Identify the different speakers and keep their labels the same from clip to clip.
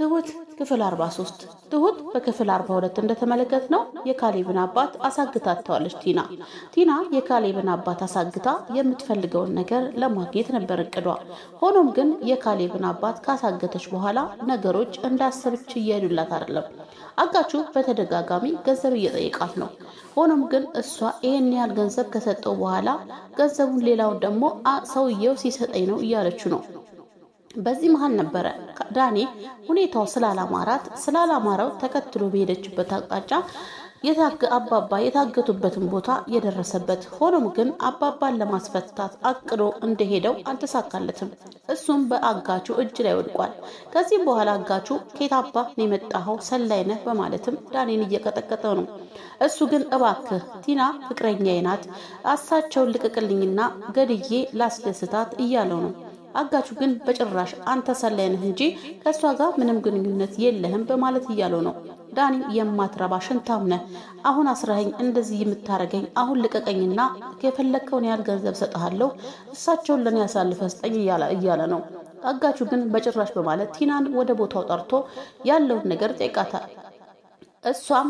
Speaker 1: ትሁት ክፍል 43 ትሁት በክፍል 42 እንደተመለከት ነው የካሌብን አባት ተዋለች። ቲና ቲና የካሌብን አባት አሳግታ የምትፈልገውን ነገር ለማግኘት ነበር እቅዷ። ሆኖም ግን የካሌብን አባት ካሳገተች በኋላ ነገሮች እንዳሰብች እየሄዱላት አይደለም። አጋቹ በተደጋጋሚ ገንዘብ እየጠየቃት ነው። ሆኖም ግን እሷ ይህን ያህል ገንዘብ ከሰጠው በኋላ ገንዘቡን ሌላውን ደግሞ ሰውየው ሲሰጠኝ ነው እያለች ነው። በዚህ መሀል ነበረ ዳኔ ሁኔታው ስላላማራት ስላላማራው ተከትሎ በሄደችበት አቅጣጫ አባባ የታገቱበትን ቦታ የደረሰበት። ሆኖም ግን አባባን ለማስፈታት አቅዶ እንደሄደው አልተሳካለትም። እሱም በአጋቹ እጅ ላይ ወድቋል። ከዚህም በኋላ አጋቹ ኬታባ የመጣኸው ሰላይ ነህ በማለትም ዳኔን እየቀጠቀጠ ነው። እሱ ግን እባክህ ቲና ፍቅረኛዬ ናት፣ አሳቸውን ልቅቅልኝና ገድዬ ላስደስታት እያለው ነው አጋቹ ግን በጭራሽ አንተ ሰላይ ነህ እንጂ ከእሷ ጋር ምንም ግንኙነት የለህም በማለት እያለው ነው። ዳኒ የማትረባ ሽንታም ነህ፣ አሁን አስራኝ እንደዚህ የምታረገኝ አሁን ልቀቀኝና የፈለግከውን ያህል ገንዘብ ሰጠሃለሁ፣ እሳቸውን ለእኔ ያሳልፈ ስጠኝ እያለ ነው። አጋቹ ግን በጭራሽ በማለት ቲናን ወደ ቦታው ጠርቶ ያለውን ነገር ጠይቃታል። እሷም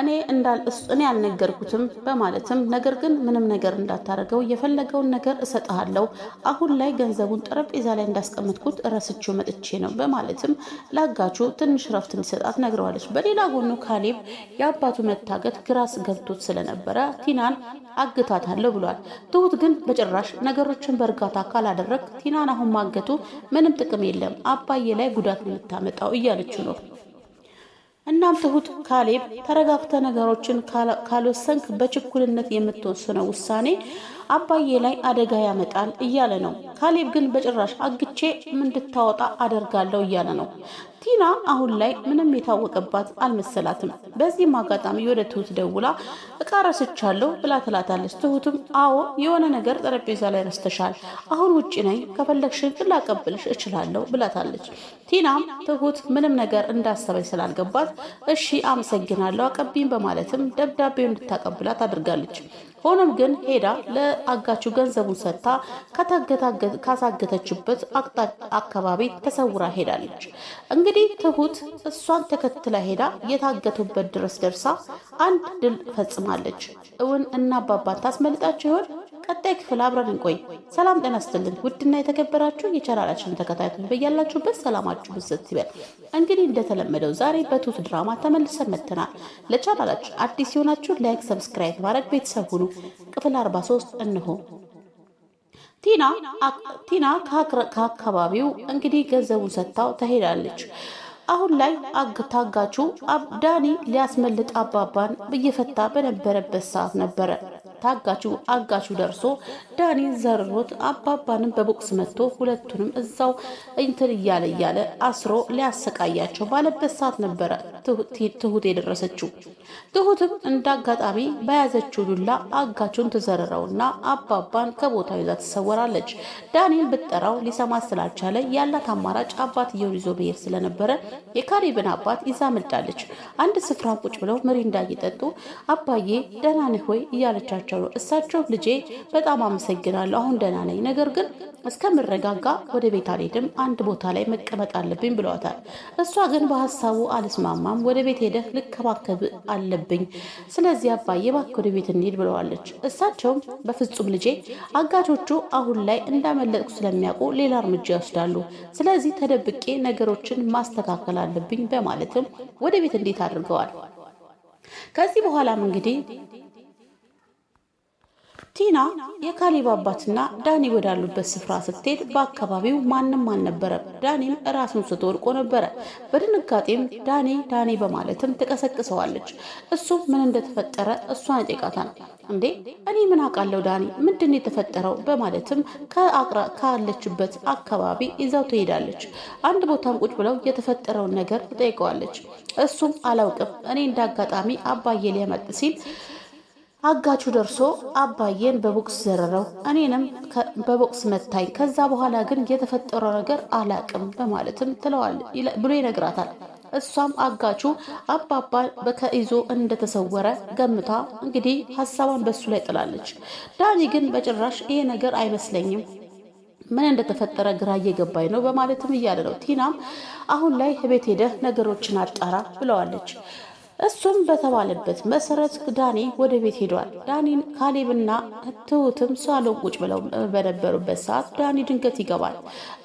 Speaker 1: እኔ እንዳል እኔ አልነገርኩትም በማለትም ነገር ግን ምንም ነገር እንዳታደርገው የፈለገውን ነገር እሰጥሃለሁ፣ አሁን ላይ ገንዘቡን ጠረጴዛ ላይ እንዳስቀመጥኩት ረስቼው መጥቼ ነው በማለትም ለአጋቹ ትንሽ ረፍት እንዲሰጣት ነግረዋለች። በሌላ ጎኑ ካሌብ የአባቱ መታገት ግራስ ገብቶት ስለነበረ ቲናን አግታታለሁ ብሏል። ትሁት ግን በጭራሽ ነገሮችን በእርጋታ ካላደረግ ቲናን አሁን ማገቱ ምንም ጥቅም የለም፣ አባዬ ላይ ጉዳት የምታመጣው እያለችው ነው እናም ትሁት ካሌብ ተረጋግተ ነገሮችን ካልወሰንክ በችኩልነት የምትወስነው ውሳኔ አባዬ ላይ አደጋ ያመጣል እያለ ነው። ካሌብ ግን በጭራሽ አግቼ እንድታወጣ አደርጋለሁ እያለ ነው። ቲና አሁን ላይ ምንም የታወቀባት አልመሰላትም። በዚህም አጋጣሚ ወደ ትሁት ደውላ እቃ ረስቻለሁ ብላ ትላታለች። ትሁትም አዎ የሆነ ነገር ጠረጴዛ ላይ ረስተሻል፣ አሁን ውጭ ነኝ፣ ከፈለግሽን ላቀብልሽ እችላለሁ ብላታለች። ቲናም ትሁት ምንም ነገር እንዳሰበች ስላልገባት እሺ አመሰግናለሁ አቀቢም በማለትም ደብዳቤው እንድታቀብላት አድርጋለች። ሆኖም ግን ሄዳ ለአጋቹ ገንዘቡን ሰጥታ ካሳገተችበት አካባቢ ተሰውራ ሄዳለች። እንግዲህ ትሁት እሷን ተከትላ ሄዳ የታገቱበት ድረስ ደርሳ አንድ ድል ፈጽማለች። እውን እናባባን ታስመልጣቸው ይሆን? ቀጣይ ክፍል አብረን እንቆይ። ሰላም ጤና ስትልን ውድና የተከበራችሁ የቻናላችን ተከታዮች በያላችሁበት ሰላማችሁ ብዝት ይበል። እንግዲህ እንደተለመደው ዛሬ በትሁት ድራማ ተመልሰን መጥተናል። ለቻናላችን አዲስ የሆናችሁ ላይክ፣ ሰብስክራይብ ማድረግ ቤተሰብ ሁኑ። ክፍል 43 እንሆ ቲና ከአካባቢው እንግዲህ ገንዘቡን ሰጥታው ትሄዳለች። አሁን ላይ ታጋቹ ዳኒ ሊያስመልጥ አባባን እየፈታ በነበረበት ሰዓት ነበረ ታጋቹ አጋቹ ደርሶ ዳኒን ዘርሮት አባባንም በቦክስ መጥቶ ሁለቱንም እዛው እንትን እያለ እያለ አስሮ ሊያሰቃያቸው ባለበት ሰዓት ነበረ ትሁት የደረሰችው። ትሁትም እንደ አጋጣሚ በያዘችው ዱላ አጋቹን ትዘርረውና አባባን ከቦታው ይዛ ትሰወራለች። ዳኒን ብጠራው ሊሰማት ስላልቻለ ያላት አማራጭ አባትየውን ይዞ መሄድ ስለነበረ የካሪብን አባት ይዛ መልጣለች። አንድ ስፍራ ቁጭ ብለው ምሪንዳ እየጠጡ አባዬ ደህና ነህ ወይ እያለቻቸው እያልኳቸው እሳቸው ልጄ በጣም አመሰግናለሁ፣ አሁን ደህና ነኝ፣ ነገር ግን እስከምረጋጋ ወደ ቤት አልሄድም፣ አንድ ቦታ ላይ መቀመጥ አለብኝ ብለዋታል። እሷ ግን በሀሳቡ አልስማማም። ወደ ቤት ሄደህ ልከባከብ አለብኝ፣ ስለዚህ አባዬ እባክህ ወደ ቤት እንሂድ ብለዋለች። እሳቸውም በፍጹም ልጄ፣ አጋቾቹ አሁን ላይ እንዳመለጥኩ ስለሚያውቁ ሌላ እርምጃ ይወስዳሉ፣ ስለዚህ ተደብቄ ነገሮችን ማስተካከል አለብኝ በማለትም ወደ ቤት እንዴት አድርገዋል። ከዚህ በኋላም እንግዲህ ቲና የካሌብ አባትና ዳኒ ወዳሉበት ስፍራ ስትሄድ በአካባቢው ማንም አልነበረም። ዳኒም ራሱን ስቶ ወድቆ ነበረ። በድንጋጤም ዳኒ ዳኒ በማለትም ትቀሰቅሰዋለች። እሱም ምን እንደተፈጠረ እሷን ይጠይቃታል። እንዴ እኔ ምን አውቃለሁ ዳኒ፣ ምንድን ነው የተፈጠረው? በማለትም ካለችበት አካባቢ ይዛው ትሄዳለች። አንድ ቦታም ቁጭ ብለው የተፈጠረውን ነገር ትጠይቀዋለች። እሱም አላውቅም፣ እኔ እንደ አጋጣሚ አባዬ ሊያመጥ ሲል አጋቹ ደርሶ አባዬን በቦክስ ዘረረው፣ እኔንም በቦክስ መታኝ። ከዛ በኋላ ግን የተፈጠረው ነገር አላቅም በማለትም ትለዋል ብሎ ይነግራታል። እሷም አጋቹ አባባ በከይዞ እንደተሰወረ ገምታ እንግዲህ ሀሳቧን በሱ ላይ ጥላለች። ዳኒ ግን በጭራሽ ይሄ ነገር አይመስለኝም ምን እንደተፈጠረ ግራ እየገባኝ ነው በማለትም እያለ ነው። ቲናም አሁን ላይ ቤት ሄደህ ነገሮችን አጣራ ብለዋለች። እሱም በተባለበት መሰረት ዳኒ ወደ ቤት ሄዷል። ዳኒ ካሌብና ትሁትም ሳሎን ቁጭ ብለው በነበሩበት ሰዓት ዳኒ ድንገት ይገባል።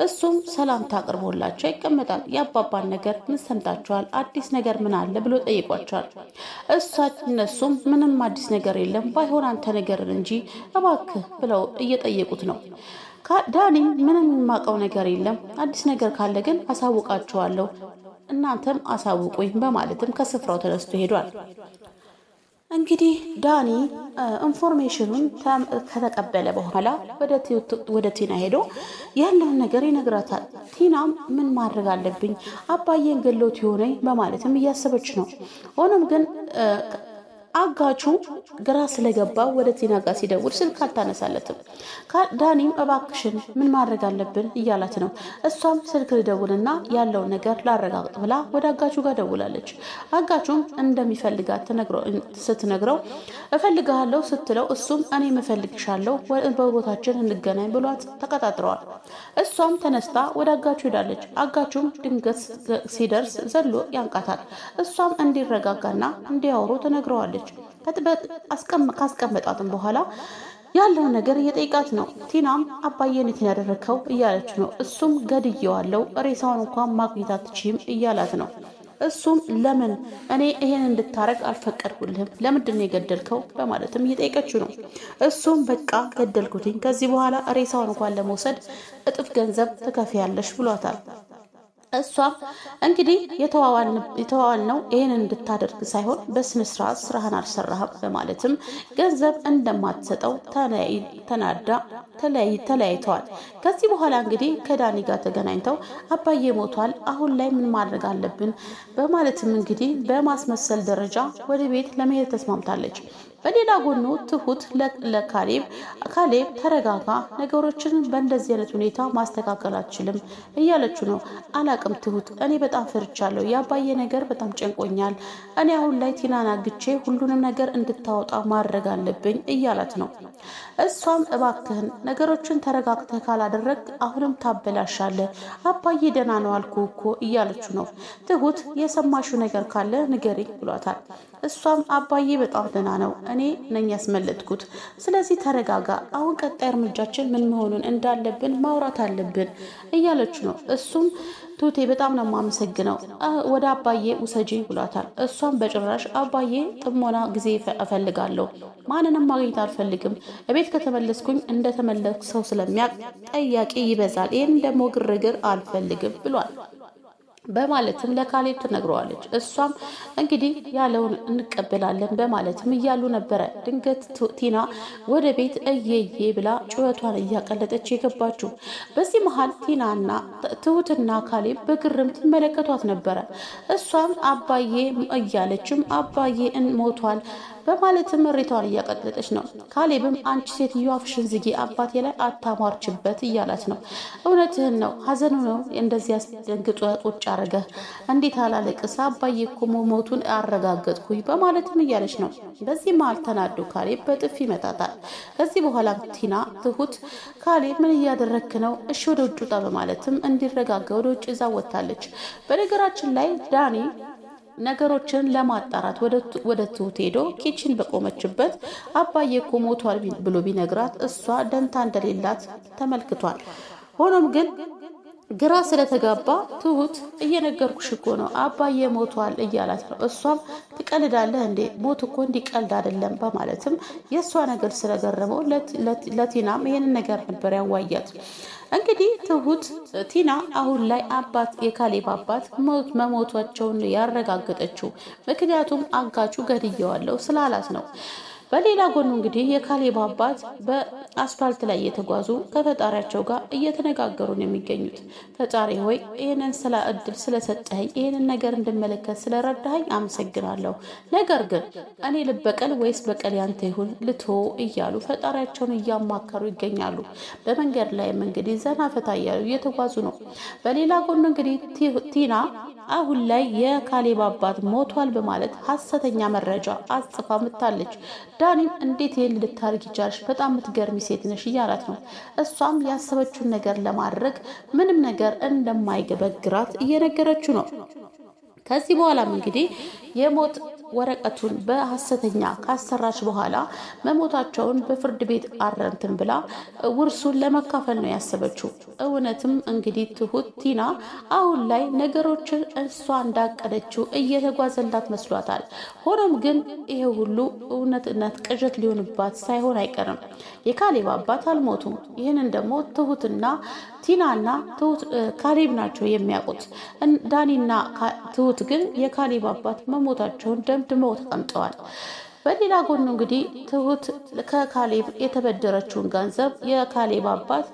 Speaker 1: እሱም ሰላምታ አቅርቦላቸው ይቀመጣል። የአባባን ነገር ምን ሰምታችኋል? አዲስ ነገር ምን አለ ብሎ ጠይቋቸዋል። እሳች እነሱም ምንም አዲስ ነገር የለም ባይሆን አንተ ነገርን እንጂ እባክህ ብለው እየጠየቁት ነው። ዳኒ ምንም የማውቀው ነገር የለም አዲስ ነገር ካለ ግን አሳውቃቸዋለሁ። እናንተም አሳውቁኝ በማለትም ከስፍራው ተነስቶ ሄዷል። እንግዲህ ዳኒ ኢንፎርሜሽኑን ከተቀበለ በኋላ ወደ ቲና ሄዶ ያለውን ነገር ይነግራታል። ቲናም ምን ማድረግ አለብኝ አባዬን ገሎት የሆነኝ በማለትም እያሰበች ነው። ሆኖም ግን አጋቹ ግራ ስለገባ ወደ ቲና ጋር ሲደውል ስልክ አልታነሳለትም። ዳኒም እባክሽን ምን ማድረግ አለብን እያላት ነው። እሷም ስልክ ልደውልና ያለውን ነገር ላረጋግጥ ብላ ወደ አጋቹ ጋር ደውላለች። አጋቹም እንደሚፈልጋት ስትነግረው እፈልግሃለሁ ስትለው እሱም እኔ እፈልግሻለሁ በቦታችን እንገናኝ ብሏት ተቀጣጥረዋል። እሷም ተነስታ ወደ አጋቹ ሄዳለች። አጋቹም ድንገት ሲደርስ ዘሎ ያንቃታል። እሷም እንዲረጋጋና እንዲያወሩ ተነግረዋለች። ትላለች። ካስቀመጣትም በኋላ ያለውን ነገር እየጠይቃት ነው። ቲናም አባዬን የትን ያደረግከው እያለች ነው። እሱም ገድየዋለው ሬሳውን እንኳን ማግኘት አትችይም እያላት ነው። እሱም ለምን እኔ ይሄን እንድታረግ አልፈቀድኩልህም፣ ለምንድን ነው የገደልከው በማለትም እየጠየቀችው ነው። እሱም በቃ ገደልኩትኝ፣ ከዚህ በኋላ ሬሳውን እንኳን ለመውሰድ እጥፍ ገንዘብ ትከፍያለሽ ብሏታል። እሷም እንግዲህ የተዋዋልነው ይህን እንድታደርግ ሳይሆን በስነ ስርዓት ስራህን አልሰራህም በማለትም ገንዘብ እንደማትሰጠው ተናዳ ተለያይተዋል። ከዚህ በኋላ እንግዲህ ከዳኒ ጋር ተገናኝተው አባዬ ሞቷል፣ አሁን ላይ ምን ማድረግ አለብን በማለትም እንግዲህ በማስመሰል ደረጃ ወደ ቤት ለመሄድ ተስማምታለች። በሌላ ጎኑ ትሁት ለካሌብ ካሌብ ተረጋጋ፣ ነገሮችን በእንደዚህ አይነት ሁኔታ ማስተካከል አችልም እያለችው ነው። አላቅም ትሁት፣ እኔ በጣም ፈርቻለሁ። የአባዬ ነገር በጣም ጨንቆኛል። እኔ አሁን ላይ ቲናን አግቼ ሁሉንም ነገር እንድታወጣ ማድረግ አለብኝ እያላት ነው። እሷም እባክህን ነገሮችን ተረጋግተህ ካላደረግ አሁንም ታበላሻለህ፣ አባዬ ደህና ነው አልኩ እኮ እያለች ነው። ትሁት የሰማሽው ነገር ካለ ንገሪ ብሏታል። እሷም አባዬ በጣም ደህና ነው፣ እኔ ነኝ ያስመለጥኩት። ስለዚህ ተረጋጋ፣ አሁን ቀጣይ እርምጃችን ምን መሆኑን እንዳለብን ማውራት አለብን እያለች ነው። እሱም ቱቴ በጣም ነው የማመሰግነው፣ ወደ አባዬ ውሰጂኝ ብሏታል። እሷም በጭራሽ አባዬ ጥሞና ጊዜ እፈልጋለሁ፣ ማንንም ማግኘት አልፈልግም። እቤት ከተመለስኩኝ እንደተመለስ ሰው ስለሚያቅ ጠያቂ ይበዛል። ይህን ደግሞ ግርግር አልፈልግም ብሏል። በማለትም ለካሌብ ትነግረዋለች። እሷም እንግዲህ ያለውን እንቀበላለን በማለትም እያሉ ነበረ። ድንገት ቲና ወደ ቤት እየዬ ብላ ጩኸቷን እያቀለጠች የገባችው። በዚህ መሀል ቲናና ትሁትና ካሌብ በግርም ትመለከቷት ነበረ። እሷም አባዬ እያለችም አባዬ ሞቷል በማለትም ምሬቷን እያቀለጠች ነው። ካሌብም አንቺ ሴትዮ አፍሽን ዝጊ፣ አባቴ ላይ አታሟርችበት እያላት ነው። እውነትህን ነው፣ ሀዘኑ ነው እንደዚህ ያስደንግጦ ቁጭ አረገህ። እንዴት አላለቅስ አባዬ እኮ መሞቱን አረጋገጥኩኝ በማለትም እያለች ነው። በዚህ መሀል ተናዶ ካሌብ በጥፊ ይመታታል። ከዚህ በኋላ ቲና ትሁት ካሌብ ምን እያደረክ ነው? እሺ ወደ ውጭ ውጣ በማለትም እንዲረጋጋ ወደ ውጭ ይዛ ወጥታለች። በነገራችን ላይ ዳኒ ነገሮችን ለማጣራት ወደ ትሁት ሄዶ ኪችን በቆመችበት አባዬ እኮ ሞቷል ብሎ ቢነግራት እሷ ደንታ እንደሌላት ተመልክቷል። ሆኖም ግን ግራ ስለተጋባ ትሁት እየነገርኩሽ እኮ ነው አባዬ ሞቷል እያላት ነው። እሷም ትቀልዳለህ እንዴ ሞት እኮ እንዲቀልድ አይደለም በማለትም የእሷ ነገር ስለገረመው ለቲናም ይሄንን ነገር ነበር ያዋያት። እንግዲህ ትሁት ቲና አሁን ላይ አባት የካሌብ አባት መሞቷቸውን ያረጋገጠችው ምክንያቱም አጋቹ ገድየዋለሁ ስላላት ነው። በሌላ ጎኑ እንግዲህ የካሌብ አባት በአስፋልት ላይ እየተጓዙ ከፈጣሪያቸው ጋር እየተነጋገሩ ነው የሚገኙት። ፈጣሪ ሆይ ይህንን ስለ እድል ስለሰጠኸኝ ይህንን ነገር እንድመለከት ስለረዳኸኝ አመሰግናለሁ። ነገር ግን እኔ ልበቀል ወይስ በቀል ያንተ ይሁን ልትሆ እያሉ ፈጣሪያቸውን እያማከሩ ይገኛሉ። በመንገድ ላይም እንግዲህ ዘና ፈታ እያሉ እየተጓዙ ነው። በሌላ ጎኑ እንግዲህ ቲና አሁን ላይ የካሌብ አባት ሞቷል በማለት ሀሰተኛ መረጃ አጽፋ ምታለች። ዳኒም እንዴት ይህን ልታርግ ይቻልሽ? በጣም የምትገርሚ ሴት ነሽ እያላት ነው። እሷም ያሰበችውን ነገር ለማድረግ ምንም ነገር እንደማይገበግራት እየነገረችው ነው። ከዚህ በኋላም እንግዲህ የሞት ወረቀቱን በሐሰተኛ ካሰራች በኋላ መሞታቸውን በፍርድ ቤት አረንትን ብላ ውርሱን ለመካፈል ነው ያሰበችው። እውነትም እንግዲህ ትሁት ቲና አሁን ላይ ነገሮችን እሷ እንዳቀደችው እየተጓዘላት መስሏታል። ሆኖም ግን ይሄ ሁሉ እውነትነት ቅዠት ሊሆንባት ሳይሆን አይቀርም። የካሌብ አባት አልሞቱም። ይህንን ደግሞ ትሁትና ቲናና ትሁት ካሌብ ናቸው የሚያውቁት። ዳኒና ትሁት ግን የካሌብ አባት መሞታቸውን ደምድመው ተቀምጠዋል። በሌላ ጎኑ እንግዲህ ትሁት ከካሌብ የተበደረችውን ገንዘብ የካሌብ አባት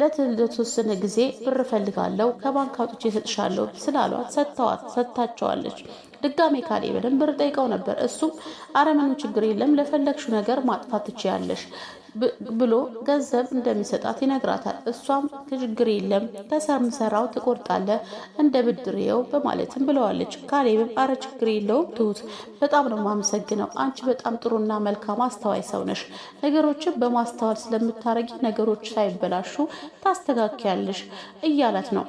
Speaker 1: ለተወሰነ ጊዜ ብር እፈልጋለሁ ከባንክ አውጥቼ እሰጥሻለሁ ስላሏት ሰጥተዋት ሰጥታቸዋለች። ድጋሜ ካሌብንም ብር ጠይቀው ነበር። እሱም አረ ምንም ችግር የለም ለፈለግሽው ነገር ማጥፋት ትችያለሽ፣ ብሎ ገንዘብ እንደሚሰጣት ይነግራታል። እሷም ችግር የለም ከሰምሰራው ትቆርጣለ እንደ ብድሬው በማለትም ብለዋለች። ካሌብም አረ ችግር የለውም ትሁት፣ በጣም ነው የማመሰግነው። አንቺ በጣም ጥሩና መልካም አስተዋይ ሰው ነሽ። ነገሮችን በማስተዋል ስለምታረጊ ነገሮች ሳይበላሹ ታስተካክያለሽ እያላት ነው።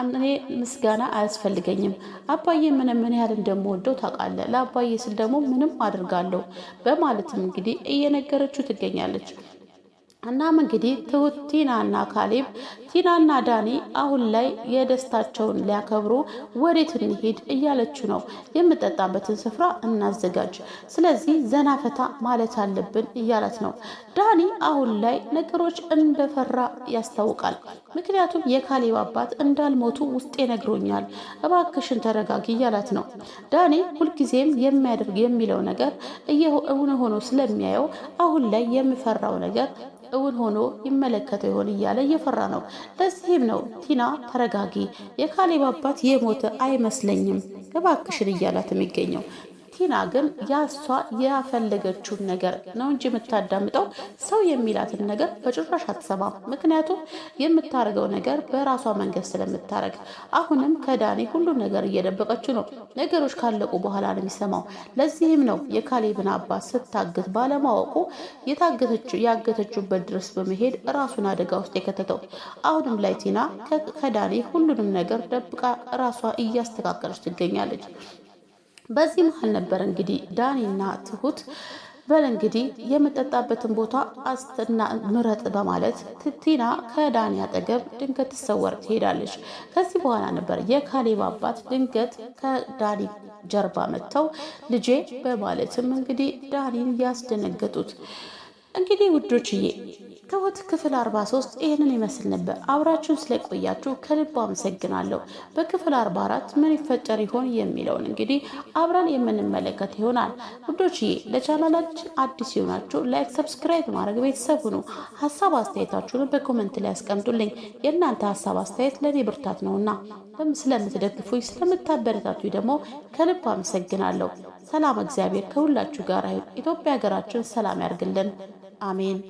Speaker 1: እኔ ምስጋና አያስፈልገኝም። አባዬ ምንም ምን ያህል እንደምወደው ታውቃለህ። ለአባዬ ስል ደግሞ ምንም አድርጋለሁ በማለትም እንግዲህ እየነገረችው ትገኛለች። እናም እንግዲህ ትሁት ቲናና ካሌብ ቲናና ዳኒ አሁን ላይ የደስታቸውን ሊያከብሩ ወዴት እንሄድ እያለችው ነው። የምጠጣበትን ስፍራ እናዘጋጅ፣ ስለዚህ ዘና ፈታ ማለት አለብን እያላት ነው። ዳኒ አሁን ላይ ነገሮች እንደፈራ ያስታውቃል። ምክንያቱም የካሌብ አባት እንዳልሞቱ ውስጤ ነግሮኛል፣ እባክሽን ተረጋጊ እያላት ነው። ዳኒ ሁልጊዜም የሚያደርግ የሚለው ነገር እየሆነ ሆኖ ስለሚያየው አሁን ላይ የሚፈራው ነገር እውን ሆኖ ይመለከተው ይሆን እያለ እየፈራ ነው። ለዚህም ነው ቲና ተረጋጊ፣ የካሌብ አባት የሞተ አይመስለኝም እባክሽን እያላት የሚገኘው ቲና ግን ያሷ ያፈለገችውን ነገር ነው እንጂ የምታዳምጠው ሰው የሚላትን ነገር በጭራሽ አትሰማም። ምክንያቱም የምታደርገው ነገር በራሷ መንገድ ስለምታደርግ አሁንም ከዳኔ ሁሉ ነገር እየደበቀችው ነው። ነገሮች ካለቁ በኋላ ነው የሚሰማው። ለዚህም ነው የካሌብን አባት ስታግት ባለማወቁ ያገተችበት ድረስ በመሄድ ራሱን አደጋ ውስጥ የከተተው። አሁንም ላይ ቲና ከዳኔ ሁሉንም ነገር ደብቃ ራሷ እያስተካከለች ትገኛለች። በዚህ መሀል ነበር እንግዲህ ዳኒና ትሁት በል እንግዲህ የምጠጣበትን ቦታ አስትና ምረጥ በማለት ቲና ከዳኒ አጠገብ ድንገት ትሰወር ትሄዳለች። ከዚህ በኋላ ነበር የካሌብ አባት ድንገት ከዳኒ ጀርባ መጥተው ልጄ በማለትም እንግዲህ ዳኒን ያስደነገጡት። እንግዲህ ውዶችዬ ትሁት ክፍል 43 ይህንን ይመስል ነበር። አብራችሁን ስለቆያችሁ ከልብ አመሰግናለሁ። በክፍል 44 ምን ይፈጠር ይሆን የሚለውን እንግዲህ አብረን የምንመለከት ይሆናል። ውዶችዬ ለቻናላችን አዲስ የሆናችሁ ላይክ፣ ሰብስክራይብ ማድረግ ቤተሰብ ሁኑ። ሀሳብ አስተያየታችሁን በኮመንት ላይ ያስቀምጡልኝ። የእናንተ ሀሳብ አስተያየት ለእኔ ብርታት ነውና ስለምትደግፉኝ ስለምታበረታቱኝ ደግሞ ከልብ አመሰግናለሁ። ሰላም፣ እግዚአብሔር ከሁላችሁ ጋር ይሁን። ኢትዮጵያ ሀገራችን ሰላም ያርግልን። አሜን።